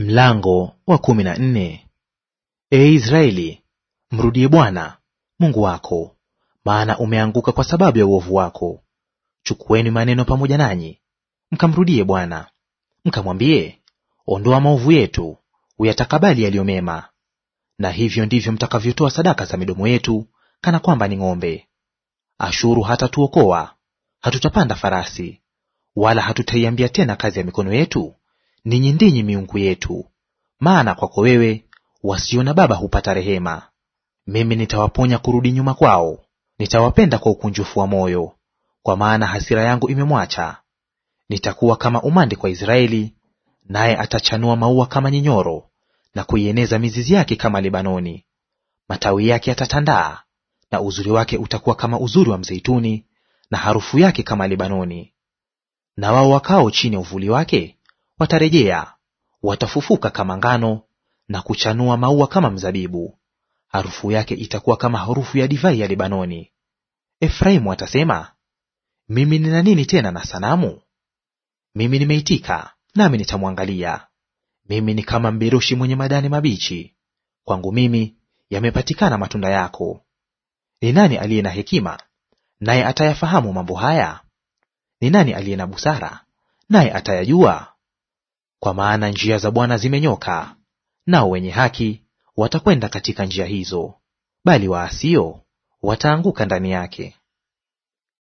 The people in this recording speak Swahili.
Mlango wa kumi na nne. Ee Israeli, mrudie Bwana Mungu wako, maana umeanguka kwa sababu ya uovu wako. Chukueni maneno pamoja nanyi, mkamrudie Bwana, mkamwambie, ondoa maovu yetu, uyatakabali yaliyo mema. Na hivyo ndivyo mtakavyotoa sadaka za midomo yetu, kana kwamba ni ng'ombe. Ashuru hatatuokoa, hatutapanda farasi, wala hatutaiambia tena kazi ya mikono yetu ninyi ndinyi miungu yetu, maana kwako wewe wasio na baba hupata rehema. Mimi nitawaponya kurudi nyuma kwao, nitawapenda kwa ukunjufu wa moyo, kwa maana hasira yangu imemwacha. Nitakuwa kama umande kwa Israeli, naye atachanua maua kama nyinyoro na kuieneza mizizi yake kama Lebanoni. Matawi yake yatatandaa, na uzuri wake utakuwa kama uzuri wa mzeituni, na harufu yake kama Lebanoni. Na wao wakao chini ya uvuli wake watarejea, watafufuka kama ngano na kuchanua maua kama mzabibu. Harufu yake itakuwa kama harufu ya divai ya Lebanoni. Efraimu atasema, mimi nina nini tena na sanamu? Mimi nimeitika, nami nitamwangalia. Mimi ni kama mberoshi mwenye madani mabichi, kwangu mimi yamepatikana matunda yako. Ni nani aliye na hekima, naye atayafahamu mambo haya? Ni nani aliye na busara, naye atayajua? Kwa maana njia za Bwana zimenyoka, nao wenye haki watakwenda katika njia hizo, bali waasio wataanguka ndani yake.